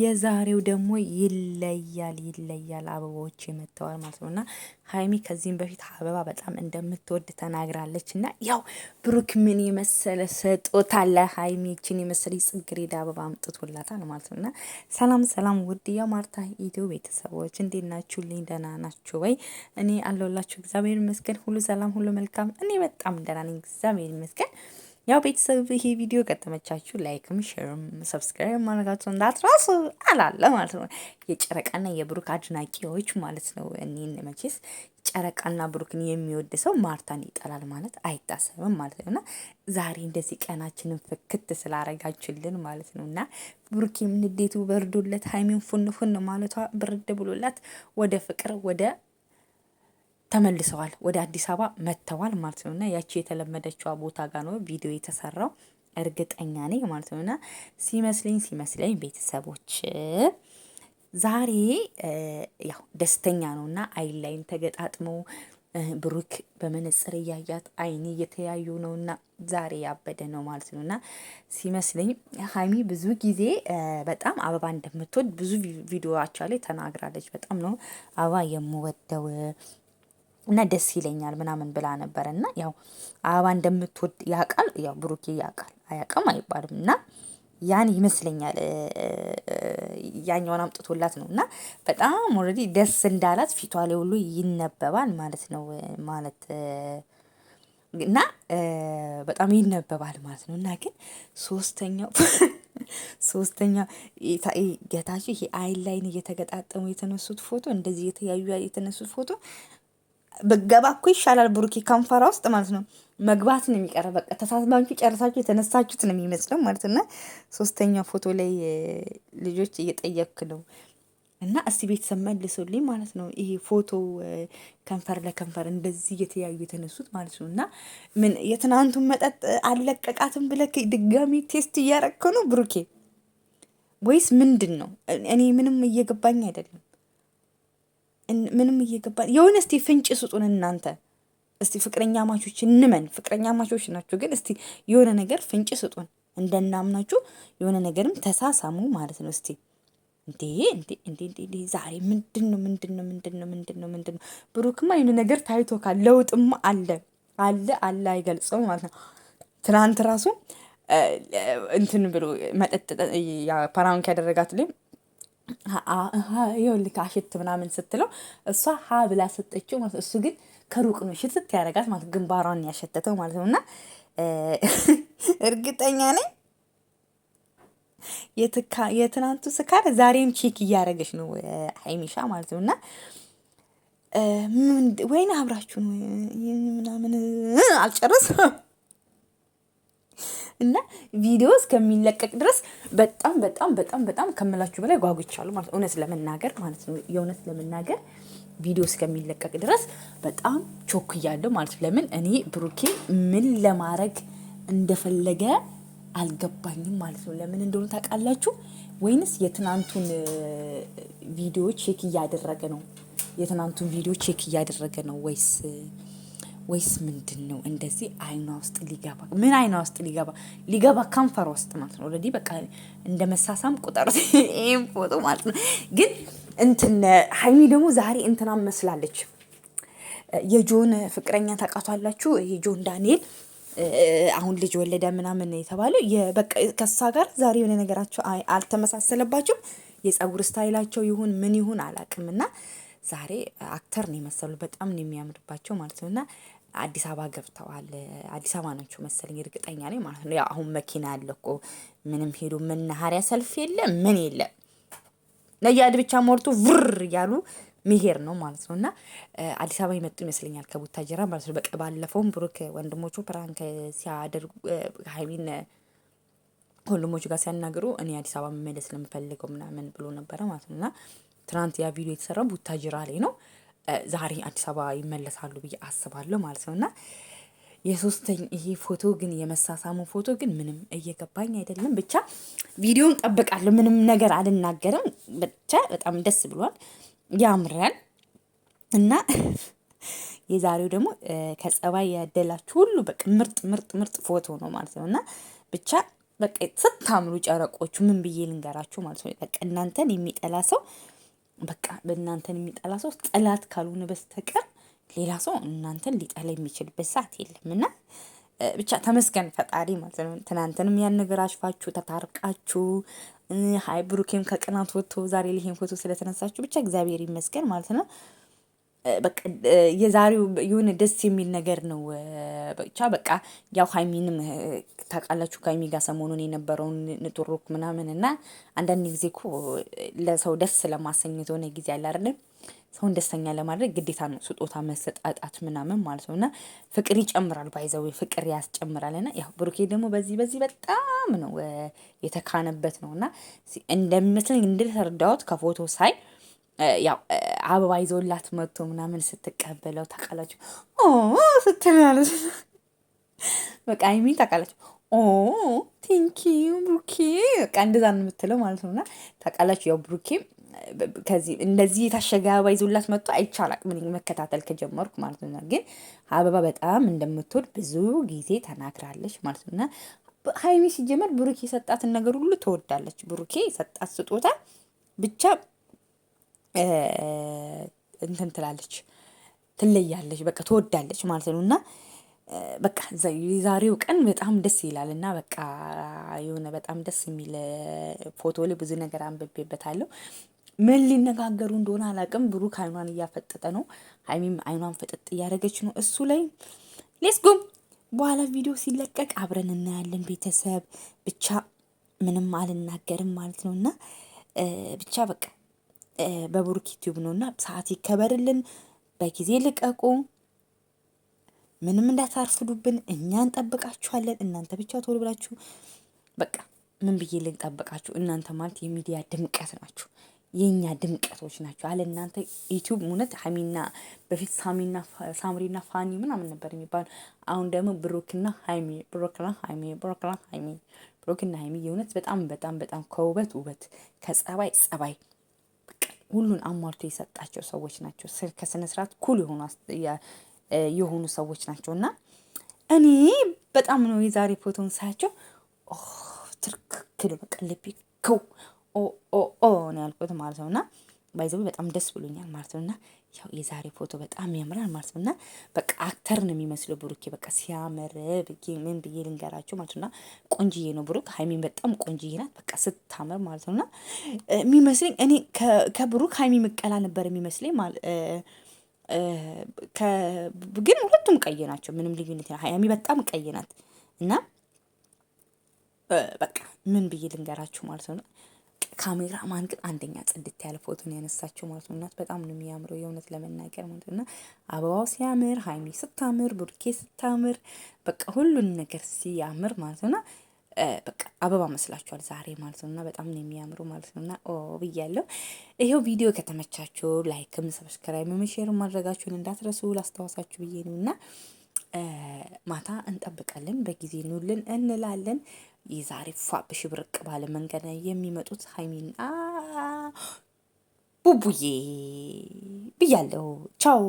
የዛሬው ደግሞ ይለያል ይለያል። አበባዎች የመጥተዋል ማለት ነው። እና ሀይሚ ከዚህም በፊት አበባ በጣም እንደምትወድ ተናግራለች። እና ያው ብሩክ ምን የመሰለ ስጦታ ለሀይሚችን የመሰለ ጽጌረዳ አበባ አምጥቶላታል ማለት ነው። እና ሰላም ሰላም፣ ውድ ያው ማርታ ኢትዮ ቤተሰቦች እንዴት ናችሁ? ልኝ ደህና ናችሁ ወይ? እኔ አለሁላችሁ። እግዚአብሔር ይመስገን፣ ሁሉ ሰላም፣ ሁሉ መልካም። እኔ በጣም ደህና ነኝ፣ እግዚአብሔር ይመስገን። ያው ቤተሰብ ይሄ ቪዲዮ ከተመቻችሁ ላይክም ሼርም ሰብስክራይብ ማድረጋችሁ እንዳትረሱ አላለ ማለት ነው። የጨረቃና የብሩክ አድናቂዎች ማለት ነው። እኔን መቼስ ጨረቃና ብሩክን የሚወድ ሰው ማርታን ይጠላል ማለት አይታሰብም ማለት ነው እና ዛሬ እንደዚህ ቀናችንን ፍክት ስላረጋችሁልን ማለት ነው እና ብሩክ የምንዴቱ በርዶለት ሀይሚን ፉን ፉን ማለቷ ብርድ ብሎላት ወደ ፍቅር ወደ ተመልሰዋል ወደ አዲስ አበባ መጥተዋል ማለት ነው። እና ያቺ የተለመደችዋ ቦታ ጋር ነው ቪዲዮ የተሰራው እርግጠኛ ነኝ ማለት ነው። እና ሲመስለኝ ሲመስለኝ ቤተሰቦች ዛሬ ያው ደስተኛ ነው እና አይን ላይን ተገጣጥመው ብሩክ በመነጽር እያያት አይን እየተያዩ ነው እና ዛሬ ያበደ ነው ማለት ነው። እና ሲመስለኝ ሀይሚ ብዙ ጊዜ በጣም አበባ እንደምትወድ ብዙ ቪዲዮዎቿ ላይ ተናግራለች። በጣም ነው አበባ የምወደው እና ደስ ይለኛል ምናምን ብላ ነበር። እና ያው አበባ እንደምትወድ ያውቃል። ያው ብሩኬ ያውቃል አያውቅም አይባልም። እና ያን ይመስለኛል ያኛውን አምጥቶላት ነው። እና በጣም ኦልሬዲ ደስ እንዳላት ፊቷ ላይ ሁሉ ይነበባል ማለት ነው ማለት እና በጣም ይነበባል ማለት ነው። እና ግን ሶስተኛው ሶስተኛ ጌታቸው ይሄ አይን ላይን እየተገጣጠሙ የተነሱት ፎቶ እንደዚህ የተያዩ የተነሱት ፎቶ ብገባ እኮ ይሻላል ብሩኬ ከንፈራ ውስጥ ማለት ነው። መግባት ነው የሚቀረ በቃ ተሳስባችሁ ጨርሳችሁ የተነሳችሁት ነው የሚመስለው ማለት እና ሶስተኛው ፎቶ ላይ ልጆች እየጠየክ ነው እና እስቲ ቤተሰብ መልሶልኝ ማለት ነው። ይሄ ፎቶ ከንፈር ለከንፈር እንደዚህ እየተያዩ የተነሱት ማለት ነው። እና ምን የትናንቱን መጠጥ አለቀቃትን ብለህ ድጋሚ ቴስት እያረከ ነው ብሩኬ ወይስ ምንድን ነው? እኔ ምንም እየገባኝ አይደለም። ምንም እየገባን የሆነ እስቲ ፍንጭ ስጡን እናንተ እስቲ ፍቅረኛ ማቾች እንመን ፍቅረኛ ማቾች ናቸው፣ ግን እስቲ የሆነ ነገር ፍንጭ ስጡን እንደናምናችሁ የሆነ ነገርም ተሳሳሙ ማለት ነው። እስቲ ዛሬ ምንድን ነው ምንድን ነው ምንድን ነው ምንድን ነው ምንድን ነው? ብሩክማ የሆነ ነገር ታይቶካል። ለውጥም አለ አለ አለ አይገልጸው ማለት ነው። ትናንት ራሱ እንትን ብሎ መጠጥ ፓራንክ ያደረጋት ላይም ይኸውልህ አሽት ምናምን ስትለው እሷ ሀ ብላ ሰጠችው ማለት እሱ ግን ከሩቅ ነው ሽትት ያደረጋት ማለት ግንባሯን ያሸተተው ማለት ነው። እና እርግጠኛ ነኝ የትናንቱ ስካር ዛሬም ቼክ እያደረገች ነው ሀይሚሻ ማለት ነው። እና ወይኔ አብራችሁን ምናምን አልጨረስም እና ቪዲዮ እስከሚለቀቅ ድረስ በጣም በጣም በጣም በጣም ከምላችሁ በላይ ጓጉቻለሁ ማለት እውነት ለመናገር ማለት ነው። የእውነት ለመናገር ቪዲዮ እስከሚለቀቅ ድረስ በጣም ቾክ እያለሁ ማለት ለምን እኔ ብሩኬ ምን ለማድረግ እንደፈለገ አልገባኝም ማለት ነው። ለምን እንደሆነ ታውቃላችሁ? ወይንስ የትናንቱን ቪዲዮ ቼክ እያደረገ ነው? የትናንቱን ቪዲዮ ቼክ እያደረገ ነው ወይስ ወይስ ምንድን ነው? እንደዚህ አይኗ ውስጥ ሊገባ ምን አይኗ ውስጥ ሊገባ ሊገባ ከንፈር ውስጥ ማለት ነው። ኦልሬዲ በቃ እንደ መሳሳም ቁጠር ይህም ፎቶ ማለት ነው። ግን እንትን ሀይሚ ደግሞ ዛሬ እንትና መስላለች። የጆን ፍቅረኛ ታውቃቷላችሁ? ጆን ዳንኤል አሁን ልጅ ወለደ ምናምን የተባለው ከሳ ጋር ዛሬ የሆነ ነገራቸው አልተመሳሰለባቸውም። የጸጉር ስታይላቸው ይሁን ምን ይሁን አላውቅም እና ዛሬ አክተር ነው የመሰሉ በጣም ነው የሚያምርባቸው ማለት ነው እና አዲስ አበባ ገብተዋል። አዲስ አበባ ናቸው መሰለኝ እርግጠኛ ነኝ ማለት ነው። ያው አሁን መኪና አለ እኮ ምንም ሄዱ መናኸሪያ ሰልፍ የለ ምን የለ ነያድ ብቻ ሞልቶ ቭር እያሉ ሚሄር ነው ማለት ነው እና አዲስ አበባ የመጡ ይመስለኛል ከቡታጀራ ማለት ነው። በቃ ባለፈውም ብሩክ ወንድሞቹ ፕራንክ ሲያደርጉ ሀይሚን ወንድሞቹ ጋር ሲያናግሩ እኔ አዲስ አበባ መመለስ ነው ምናምን ብሎ ነበረ ማለት ነው እና ትናንት ያ ቪዲዮ የተሰራው ቡታጅራ ላይ ነው። ዛሬ አዲስ አበባ ይመለሳሉ ብዬ አስባለሁ ማለት ነው እና የሶስተኝ ይሄ ፎቶ ግን የመሳሳሙ ፎቶ ግን ምንም እየገባኝ አይደለም። ብቻ ቪዲዮን ጠብቃለሁ። ምንም ነገር አልናገርም። ብቻ በጣም ደስ ብሏል፣ ያምራል እና የዛሬው ደግሞ ከጸባይ ያደላችሁ ሁሉ በቃ ምርጥ ምርጥ ምርጥ ፎቶ ነው ማለት ነው እና ብቻ በቃ ስታምሩ ጨረቆቹ ምን ብዬ ልንገራችሁ ማለት ነው በቃ እናንተን የሚጠላ ሰው በቃ በእናንተን የሚጠላ ሰው ጠላት ካልሆነ በስተቀር ሌላ ሰው እናንተን ሊጠላ የሚችልበት ሰዓት የለም እና ብቻ ተመስገን ፈጣሪ ማለት ነው። ትናንትንም ያን ነገር አሽፋችሁ ተታርቃችሁ፣ ሀይ ብሩኬም ከቅናት ወጥቶ ዛሬ ይሄን ፎቶ ስለተነሳችሁ ብቻ እግዚአብሔር ይመስገን ማለት ነው። በቃ የዛሬው የሆነ ደስ የሚል ነገር ነው። ብቻ በቃ ያው ሀይሚንም ታውቃላችሁ ከሀይሚ ጋር ሰሞኑን የነበረውን ንጡሩክ ምናምን እና አንዳንድ ጊዜ እኮ ለሰው ደስ ለማሰኘት የሆነ ጊዜ አለ አይደለም። ሰውን ደስተኛ ለማድረግ ግዴታ ነው ስጦታ መሰጣጣት ምናምን ማለት ነው እና ፍቅር ይጨምራል፣ ባይዘው ፍቅር ያስጨምራል። እና ያው ብሩኬ ደግሞ በዚህ በዚህ በጣም ነው የተካነበት ነው እና እንደሚመስለኝ እንደተረዳሁት ከፎቶ ሳይ ያው አበባ ይዞላት መጥቶ ምናምን ስትቀበለው ታውቃላችሁ፣ ስትላለች በቃ አይሚ ታውቃላችሁ፣ ቴንኪዩ ብሩኬ፣ በቃ እንደዛ ነው የምትለው ማለት ነውና ታውቃላችሁ፣ ያው ብሩኬ ከዚህ እንደዚህ የታሸገ አበባ ይዞላት መጥቶ አይቻላቅ ምን መከታተል ከጀመርኩ ማለት ነው። ግን አበባ በጣም እንደምትወድ ብዙ ጊዜ ተናግራለች ማለት ነውና ሀይሚ ሲጀመር ብሩኬ የሰጣትን ነገር ሁሉ ትወዳለች። ብሩኬ የሰጣት ስጦታ ብቻ እንትን ትላለች ትለያለች፣ በቃ ትወዳለች ማለት ነው። እና በቃ የዛሬው ቀን በጣም ደስ ይላል እና በቃ የሆነ በጣም ደስ የሚል ፎቶ ላይ ብዙ ነገር አንብቤበታለሁ። ምን ሊነጋገሩ እንደሆነ አላቅም። ብሩክ አይኗን እያፈጠጠ ነው፣ ሀይሚም አይኗን ፈጠጥ እያደረገች ነው። እሱ ላይ ሌስጎም በኋላ ቪዲዮ ሲለቀቅ አብረን እናያለን። ቤተሰብ ብቻ ምንም አልናገርም ማለት ነው እና ብቻ በቃ በብሩክ ዩቲዩብ ነው እና ሰዓት ይከበርልን። በጊዜ ልቀቁ። ምንም እንዳታርፍዱብን፣ እኛ እንጠብቃችኋለን። እናንተ ብቻ ቶሎ ብላችሁ በቃ ምን ብዬ ልንጠብቃችሁ? እናንተ ማለት የሚዲያ ድምቀት ናችሁ፣ የእኛ ድምቀቶች ናችሁ። አለ እናንተ ዩቲዩብ እውነት ሀሚና በፊት ሳሚና ሳምሪና ፋኒ ምናምን ነበር የሚባሉ አሁን ደግሞ ብሩክና ሀይሚ ብሩክና ሀይሚ ብሩክና ሀይሚ ብሩክና ሀይሚ የእውነት በጣም በጣም በጣም ከውበት ውበት ከጸባይ ጸባይ ሁሉን አሟልቶ የሰጣቸው ሰዎች ናቸው። ከስነ ስርዓት ኩል የሆኑ ሰዎች ናቸው እና እኔ በጣም ነው የዛሬ ፎቶን ሳያቸው ትርክክል በቃ ልቤ ከው ኦ ኦ ኦ ነው ያልኩት ማለት ነው እና ባይዘ በጣም ደስ ብሎኛል ማለት ነው። እና ያው የዛሬ ፎቶ በጣም ያምራል ማለት ነው። እና በቃ አክተር ነው የሚመስለው ብሩኬ በቃ ሲያምር ብዬ ምን ብዬ ልንገራቸው ማለት ነውና ቆንጅዬ ነው ብሩክ። ሀይሚን በጣም ቆንጅዬ ናት በቃ ስታምር ማለት ነውና የሚመስለኝ እኔ ከብሩክ ሀይሚ ምቀላ ነበር የሚመስለኝ ግን ሁለቱም ቀይ ናቸው። ምንም ልዩነት ሀይሚ በጣም ቀይ ናት እና በቃ ምን ብዬ ልንገራችሁ ማለት ነው። ካሜራ ማን ግን አንደኛ ጽድት ያለ ፎቶን ያነሳቸው ማለት ነው። እናት በጣም ነው የሚያምረው የእውነት ለመናገር ማለት ነው። አበባው ሲያምር፣ ሀይሚ ስታምር፣ ቡርኬ ስታምር፣ በቃ ሁሉን ነገር ሲያምር ማለት ነውና በቃ አበባ መስላችኋል ዛሬ ማለት ነው። እና በጣም ነው የሚያምሩ ማለት ነው። እና ኦ ብያለሁ። ይሄው ቪዲዮ ከተመቻችሁ ላይክም፣ ሰብስክራይብም፣ ሼርም ማድረጋችሁን እንዳትረሱ ላስታወሳችሁ ብዬ ነው እና ማታ እንጠብቃለን። በጊዜ ኑልን እንላለን። የዛሬ ፏብሽ ብርቅ ባለ መንገድ የሚመጡት ሀይሚና ቡቡዬ ብያለሁ። ቻው